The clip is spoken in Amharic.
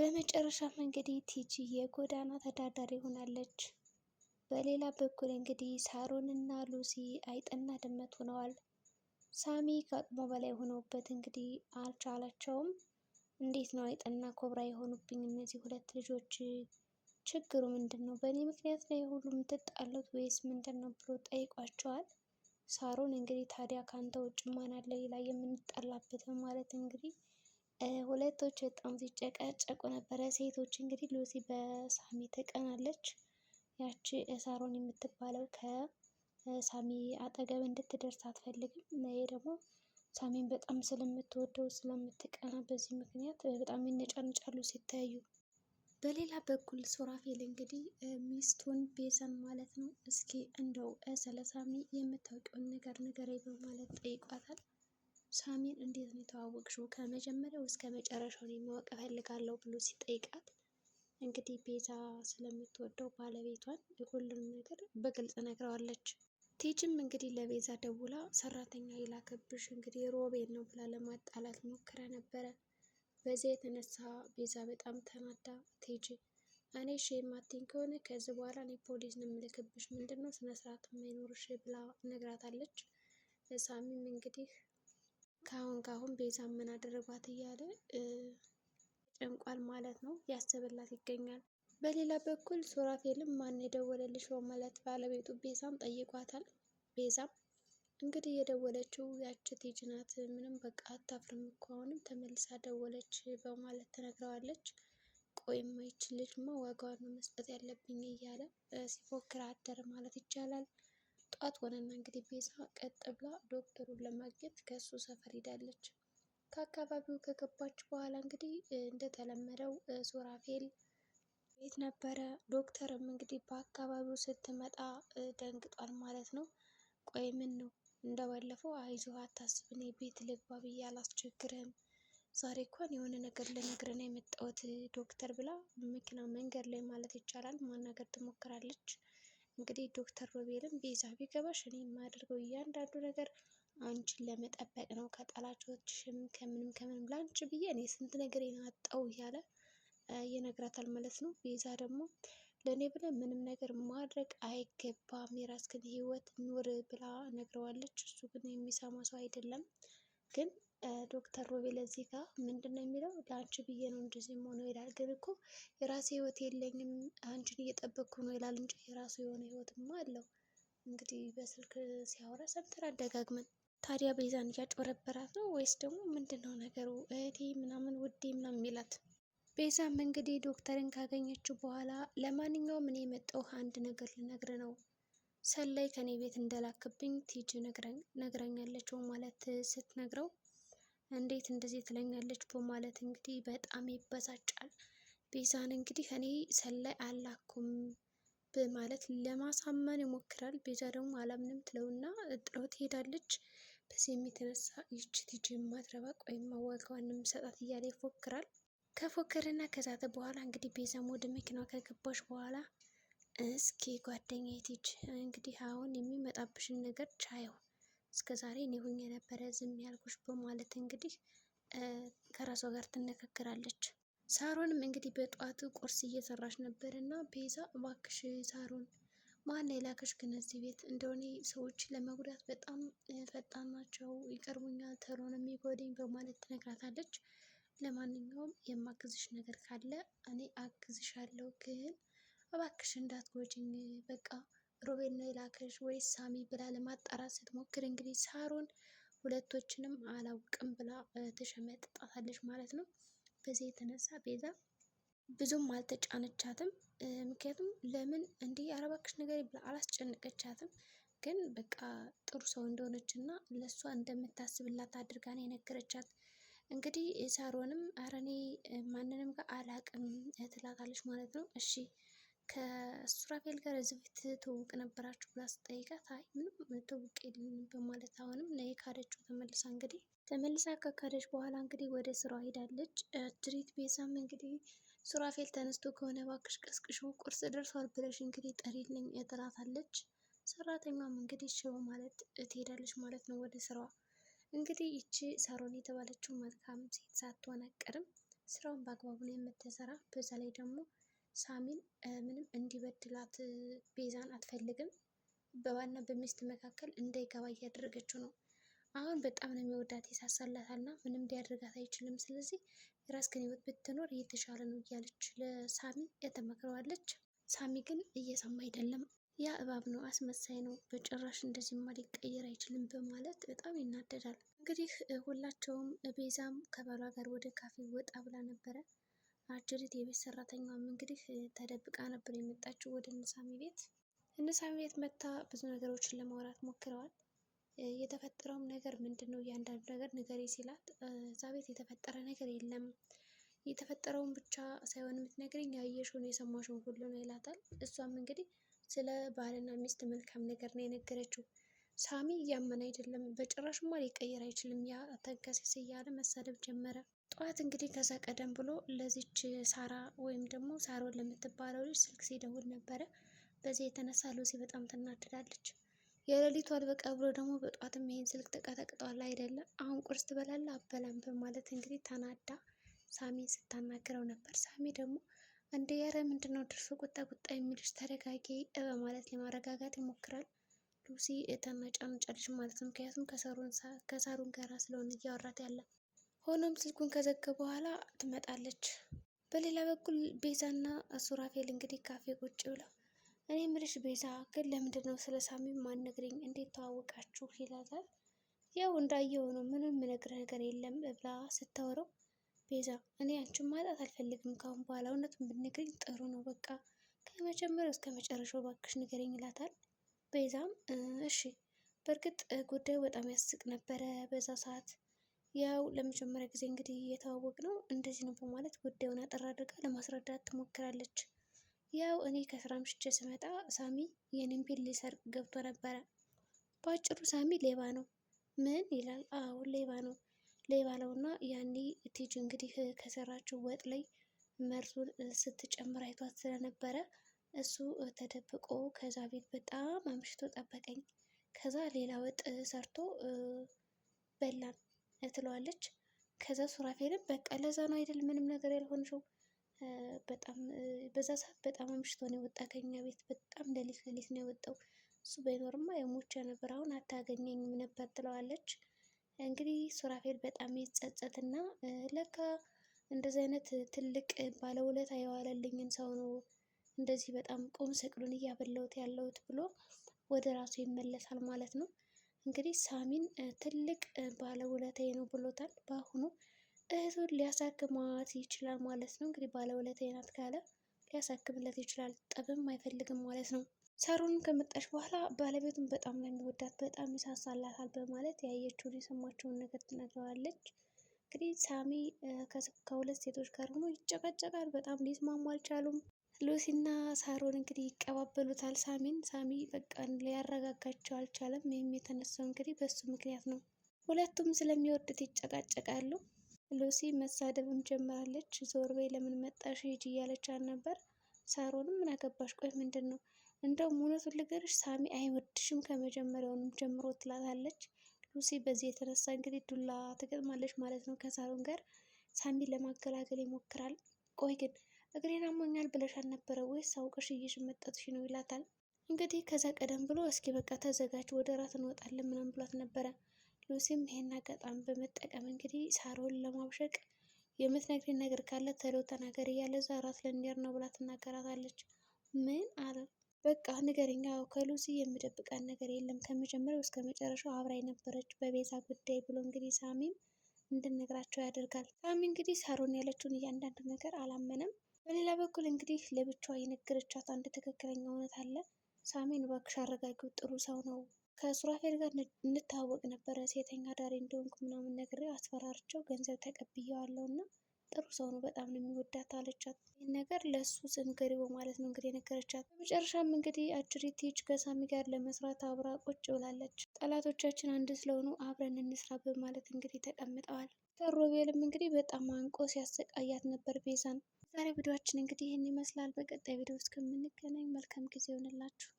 በመጨረሻም እንግዲህ ቲጂ የጎዳና ተዳዳሪ ሆናለች። በሌላ በኩል እንግዲህ ሳሮን እና ሉሲ አይጥና ድመት ሆነዋል። ሳሚ ከአቅሙ በላይ ሆኖበት እንግዲህ አልቻላቸውም። እንዴት ነው አይጥና ኮብራ የሆኑብኝ እነዚህ ሁለት ልጆች? ችግሩ ምንድን ነው? በእኔ ምክንያት ነው የሁሉ የምትጣሉት ወይስ ምንድን ነው ብሎ ጠይቋቸዋል። ሳሮን እንግዲህ ታዲያ ከአንተ ውጭ ማን አለ ሌላ የምንጠላበት ማለት እንግዲህ ሁለቶች በጣም ሲጨቃጨቁ ነበረ። ሴቶች እንግዲህ ሉሲ በሳሚ ትቀናለች። ያቺ ሳሮን የምትባለው ከሳሚ አጠገብ እንድትደርስ አትፈልግም። ይሄ ደግሞ ሳሚን በጣም ስለምትወደው ስለምትቀና በዚህ ምክንያት በጣም ይነጫንጫሉ ሲታዩ። በሌላ በኩል ሱራፌል እንግዲህ ሚስቱን ቤዛን ማለት ነው እስኪ እንደው ስለ ሳሚ የምታውቂውን ነገር ንገረኝ በማለት ጠይቋታል። ሳሚን እንዴት ነው የተዋወቅሽው? ከመጀመሪያው እስከ መጨረሻው እኔ ማወቅ እፈልጋለሁ ብሎ ሲጠይቃት እንግዲህ ቤዛ ስለምትወደው ባለቤቷን ሁሉንም ነገር በግልጽ ነግረዋለች። ቲችም እንግዲህ ለቤዛ ደውላ ሰራተኛ የላከብሽ እንግዲህ ሮቤል ነው ብላ ለማጣላት ሞክረ ነበረ። በዚያ የተነሳ ቤዛ በጣም ተናዳ ቲች እኔ እሺ የማትይኝ ከሆነ ከዚህ በኋላ እኔ ፖሊስ ነው የምልክብሽ፣ ምንድን ነው ስነ ስርዓት የማይኖርሽ ብላ ነግራታለች። ሳሚም እንግዲህ ከአሁን ከአሁን ቤዛ ምን አደረጓት እያለ ጨንቋል ማለት ነው። ያስብላት ይገኛል። በሌላ በኩል ሱራፌልም ማን የደወለልሽ በማለት ባለቤቱ ቤዛም ጠይቋታል። ቤዛም እንግዲህ የደወለችው ያች ልጅ ናት፣ ምንም በቃ አታፍርም እኮ አሁንም ተመልሳ ደወለች በማለት ትነግረዋለች። ቆይ ይች ልጅማ ዋጋዋን መስጠት ያለብኝ እያለ ሲፎክር አደር ማለት ይቻላል። ጠዋት ሆነና እንግዲህ ቤዛ ቀጥ ብላ ዶክተሩን ለማግኘት ከእሱ ሰፈር ሄዳለች። ከአካባቢው ከገባች በኋላ እንግዲህ እንደተለመደው ሱራፌል ቤት ነበረ። ዶክተርም እንግዲህ በአካባቢው ስትመጣ ደንግጧል ማለት ነው። ቆይ ምን ነው እንደባለፈው አይዞህ አታስብ፣ እኔ ቤት ልግባ ብዬ አላስቸግርህም። ዛሬ እንኳን የሆነ ነገር ልነግርህ ነው የመጣሁት ዶክተር ብላ መኪና መንገድ ላይ ማለት ይቻላል ማናገር ትሞክራለች። እንግዲህ ዶክተር ሮቤልም ቤዛ ቢገባሽ እኔ የማደርገው እያንዳንዱ ነገር አንቺን ለመጠበቅ ነው፣ ከጠላቾችሽም ከምንም ከምንም ላንቺ ብዬ እኔ ስንት ነገር የናጣው እያለ ይነግራታል ማለት ነው። ቤዛ ደግሞ ለእኔ ብለ ምንም ነገር ማድረግ አይገባም፣ የራስህን ህይወት ኑር ብላ ነግረዋለች። እሱ ግን የሚሰማ ሰው አይደለም። ግን ዶክተር ሮቤል እዚህ ጋር ምንድን ነው የሚለው ለአንቺ ብዬ ነው እንደዚህ የምሆነው ይላል። ግን እኮ የራሴ ህይወት የለኝም አንቺን እየጠበቅኩ ነው ይላል እንጂ የራሱ የሆነ ህይወትማ አለው። እንግዲህ በስልክ ሲያወራ ሰምተናል ደጋግመን። ታዲያ ቤዛን እያጭበረበራት ነው ወይስ ደግሞ ምንድን ነው ነገሩ? እህቴ ምናምን ውዴ ምናምን የሚላት ቤዛም እንግዲህ ዶክተርን ካገኘችው በኋላ ለማንኛውም እኔ የመጣው አንድ ነገር ልነግር ነው ሰላይ ከኔ ቤት እንደላክብኝ ቲጂ ነግረኛለችው ማለት ስትነግረው እንዴት እንደዚህ ትለኛለች በማለት እንግዲህ በጣም ይበሳጫል። ቤዛን እንግዲህ እኔ ሰላይ አላኩም በማለት ለማሳመን ይሞክራል። ቤዛ ደግሞ አላምንም ትለውና ጥለው ትሄዳለች። በዚህም የሚተነሳ ይች ልጅ የማትረባ ወይም ማዋጋዋን የምሰጣት እያለ ይፎክራል። ከፎከረና ከዛተ በኋላ እንግዲህ ቤዛም ወደ መኪናዋ ከገባች በኋላ እስኪ ጓደኛዬ ትሄጂ እንግዲህ አሁን የሚመጣብሽን ነገር ቻየው እስከ ዛሬ እኔ ሁኜ ነበረ ዝም ያልኩሽ በማለት እንግዲህ ከራሷ ጋር ትነካከራለች። ሳሮንም እንግዲህ በጧቱ ቁርስ እየሰራች ነበር እና ቤዛ እባክሽ ሳሮን ማን የላከሽ ግን እዚህ ቤት እንደሆነ ሰዎች ለመጉዳት በጣም ፈጣን ናቸው፣ ይቀርቡኛል፣ ተሎ ነው የሚጎደኝ በማለት ትነግራታለች። ለማንኛውም የማግዝሽ ነገር ካለ እኔ አግዝሻለሁ፣ ግን እባክሽ እንዳትጎጂኝ በቃ ሮቤል ነው የላከሽ ወይስ ሳሚ ብላ ለማጣራት ስትሞክር እንግዲህ ሳሮን ሁለቶችንም አላውቅም ብላ ተሸመጥጣታለች ማለት ነው። በዚህ የተነሳ ቤዛ ብዙም አልተጫነቻትም። ምክንያቱም ለምን እንዲህ አረባክሽ ነገር ብላ አላስጨነቀቻትም። ግን በቃ ጥሩ ሰው እንደሆነች እና ለእሷ እንደምታስብላት አድርጋ ነው የነገረቻት። እንግዲህ ሳሮንም አረኔ ማንንም ጋር አላቅም ትላታለች ማለት ነው። እሺ ከሱራፌል ጋር እዚህ ፊት ትውውቅ ነበራችሁ ብላ ስጠይቃት አይ ምንም ትውውቅ የለንም በማለት አሁንም ነይ ካደችው ተመልሳ እንግዲህ ተመልሳ ከካደች በኋላ እንግዲህ ወደ ስራዋ ሄዳለች። ትሪት ቤዛም እንግዲህ ሱራፌል ተነስቶ ከሆነ እባክሽ ቀስቅሾ ቁርስ ደርሷል ብለሽ እንግዲህ ጠሪልኝ እጥራታለች። ሰራተኛም እንግዲህ ሽሮ ማለት ትሄዳለች ማለት ነው ወደ ስራዋ። እንግዲህ ይቺ ሳሮን የተባለችው መልካም ሴት ሳትሆን አይቀርም ስራውን በአግባቡ ነው የምትሰራ። በዛ ላይ ደግሞ ሳሚን ምንም እንዲበድላት ቤዛን አትፈልግም። በባልና በሚስት መካከል እንዳይገባ እያደረገችው ነው። አሁን በጣም ነው የሚወዳት ይሳሳላታል እና ምንም ሊያደርጋት አይችልም። ስለዚህ የራስህን ሕይወት ብትኖር እየተሻለ ነው እያለች ለሳሚ ያተመክረዋለች። ሳሚ ግን እየሰማ አይደለም። ያ እባብ ነው፣ አስመሳይ ነው፣ በጭራሽ እንደዚህማ ሊቀየር አይችልም በማለት በጣም ይናደዳል። እንግዲህ ሁላቸውም ቤዛም ከባሏ ጋር ወደ ካፌ ወጣ ብላ ነበረ። ማርጀሪት የቤት ሰራተኛዋም እንግዲህ ተደብቃ ነበር የመጣችው ወደ እነሳሚ ቤት። እነሳሚ ቤት መታ ብዙ ነገሮችን ለማውራት ሞክረዋል። የተፈጠረውም ነገር ምንድን ነው እያንዳንዱ ነገር ንገሪ ሲላት እዛ ቤት የተፈጠረ ነገር የለም የተፈጠረውን ብቻ ሳይሆን የምትነግረኝ ያየሽውን የሰማሽውን ሁሉ ነው ይላታል። እሷም እንግዲህ ስለ ባልና ሚስት መልካም ነገር ነው የነገረችው። ሳሚ እያመን አይደለም። በጭራሽማ ሊቀየር አይችልም። ያ ተንከሴስ እያለ መሳደብ ጀመረ። ጠዋት እንግዲህ ከዛ ቀደም ብሎ ለዚች ሳራ ወይም ደግሞ ሳሮን ለምትባለው ልጅ ስልክ ሲደውል ነበረ። በዚህ የተነሳ ሉሲ በጣም ትናድዳለች። የሌሊቱ አልበቃ ብሎ ደግሞ በጠዋትም ይሄን ስልክ ተቀጠቅጠዋል አይደለም። አሁን ቁርስ ትበላለህ አበላም በማለት እንግዲህ ተናዳ ሳሚን ስታናግረው ነበር። ሳሚ ደግሞ እንደ ያረ ምንድነው ድርፍ ቁጣ ቁጣ የሚልሽ ተረጋጊ በማለት ለማረጋጋት ይሞክራል። ሉሲ ተመጫምጫለች ማለት ነው። ምክንያቱም ከሳሩን ጋራ ስለሆነ እያወራት ያለ። ሆኖም ስልኩን ከዘገ በኋላ ትመጣለች። በሌላ በኩል ቤዛና ሱራፌል እንግዲህ ካፌ ቁጭ ብለው እኔ ምልሽ ቤዛ ግን ለምንድን ነው ስለ ሳሚ ማነግርኝ እንዴት ተዋወቃችሁ? ይላታል። ያው እንዳየው ነው ምንም ምነግር ነገር የለም ብላ ስታወረው ቤዛ እኔ አንቺን ማጣት አልፈልግም ካሁን በኋላ እውነቱን ብንገኝ ጥሩ ነው በቃ ከመጀመሪያው እስከ መጨረሻው ባክሽ ንገረኝ ይላታል። ቤዛም እሺ። በእርግጥ ጉዳዩ በጣም ያስቅ ነበረ። በዛ ሰዓት ያው ለመጀመሪያ ጊዜ እንግዲህ እየተዋወቅ ነው እንደዚህ ነው በማለት ጉዳዩን አጠር አድርጋ ለማስረዳት ትሞክራለች። ያው እኔ ከስራ ሽቼ ስመጣ ሳሚ የኔን ቢል ሊሰርቅ ገብቶ ነበረ። በአጭሩ ሳሚ ሌባ ነው። ምን ይላል? አዎ ሌባ ነው። ሌባ ነው እና ያኔ ቲጂ እንግዲህ ከሰራችው ወጥ ላይ መርዙን ስትጨምር አይቷት ስለነበረ እሱ ተደብቆ ከዛ ቤት በጣም አምሽቶ ጠበቀኝ። ከዛ ሌላ ወጥ ሰርቶ በላን ትለዋለች። ከዛ ሱራፌልም በቃ ለዛ ነው አይደል ምንም ነገር ያልሆንሽው። በጣም በዛ ሰዓት በጣም አምሽቶ ነው የወጣ ከኛ ቤት። በጣም ሌሊት ሌሊት ነው የወጣው። እሱ ባይኖርማ የሞቸ ነበር፣ አሁን አታገኘኝም ነበር ትለዋለች። እንግዲህ ሱራፌል በጣም እና ለካ እንደዚህ አይነት ትልቅ ባለውለታ የዋለልኝን ሰው ነው እንደዚህ በጣም ቁም ስቅሉን እያበላሁት ያለሁት ብሎ ወደ ራሱ ይመለሳል ማለት ነው። እንግዲህ ሳሚን ትልቅ ባለውለታዬ ነው ብሎታል። በአሁኑ እህቱን ሊያሳክማት ይችላል ማለት ነው። እንግዲህ ባለውለታዬ ናት ካለ ሊያሳክምለት ይችላል። ጠብም አይፈልግም ማለት ነው። ሳሮን ከመጣች በኋላ ባለቤቱን በጣም ነው የሚወዳት፣ በጣም ይሳሳላታል በማለት ያየችውን የሰማችውን ነገር ትነግረዋለች። እንግዲህ ሳሚ ከሁለት ሴቶች ጋር ሆኖ ይጨቃጨቃል። በጣም ሊስማሙ አልቻሉም። ሉሲና ሳሮን እንግዲህ ይቀባበሉታል ሳሚን። ሳሚ በቃ ሊያረጋጋቸው አልቻለም። ይህም የተነሳው እንግዲህ በሱ ምክንያት ነው። ሁለቱም ስለሚወዱት ይጨቃጨቃሉ። ሉሲ መሳደብም ጀምራለች። ዞር በይ፣ ለምን መጣሽ? ሂጂ እያለቻት ነበር። ሳሮንም ምን አገባሽ? ቆይ ምንድን ነው እንደውም እውነቱን ልገርሽ ሳሚ አይወድሽም ከመጀመሪያውንም ጀምሮ ትላታለች። ሉሲ በዚህ የተነሳ እንግዲህ ዱላ ትገጥማለች ማለት ነው ከሳሮን ጋር። ሳሚ ለማገላገል ይሞክራል። ቆይ ግን እግሬን አሞኛል ብለሽ አልነበረ ወይስ አውቀሽ እየሽመጠጥሽ ነው ይላታል። እንግዲህ ከዛ ቀደም ብሎ እስኪ በቃ ተዘጋጅ ወደ ራት እንወጣለን ምናምን ብሏት ነበረ። ሉሲም ይሄን አጋጣሚ በመጠቀም እንግዲህ ሳሮን ለማብሸቅ የምትነግሪኝ ነገር ካለ ተሎ ተናገር እያለ እዛ ራት ልንሄድ ነው ብላ ትናገራታለች። ምን አለ በቃ ንገረኛ ከሉሲ የሚደብቀን ነገር የለም ከመጀመሪያው እስከ መጨረሻው አብራ የነበረች በቤዛ ጉዳይ ብሎ እንግዲህ ሳሚም እንድነግራቸው ያደርጋል። ሳሚ እንግዲህ ሳሮን ያለችውን እያንዳንዱ ነገር አላመነም። በሌላ በኩል እንግዲህ ለብቻዋ የነገረቻት አንድ ትክክለኛ እውነት አለ። ሳሜን እባክሽ አረጋጊው ጥሩ ሰው ነው ከሱራፌል ጋር እንታወቅ ነበረ ሴተኛ ዳሬ እንደሆንኩ ምናምን ነግሬው አስፈራርቸው ገንዘብ ተቀብዬዋለሁ እና ጥሩ ሰው ነው፣ በጣም ነው የሚወዳት አለቻት። ይህን ነገር ለእሱ ስንገሪ በማለት ነው እንግዲህ የነገረቻት። በመጨረሻም እንግዲህ አጅሪቲች ከሳሚ ጋር ለመስራት አብራ ቁጭ ብላለች። ጠላቶቻችን አንድ ስለሆኑ አብረን እንስራ በማለት እንግዲህ ተቀምጠዋል። ተሮቤልም እንግዲህ በጣም አንቆ ሲያሰቃያት ነበር ቤዛን። ዛሬ ቪዲዮችን እንግዲህ ይህን ይመስላል። በቀጣይ ቪዲዮ እስከምንገናኝ መልካም ጊዜ ይሆንላችሁ።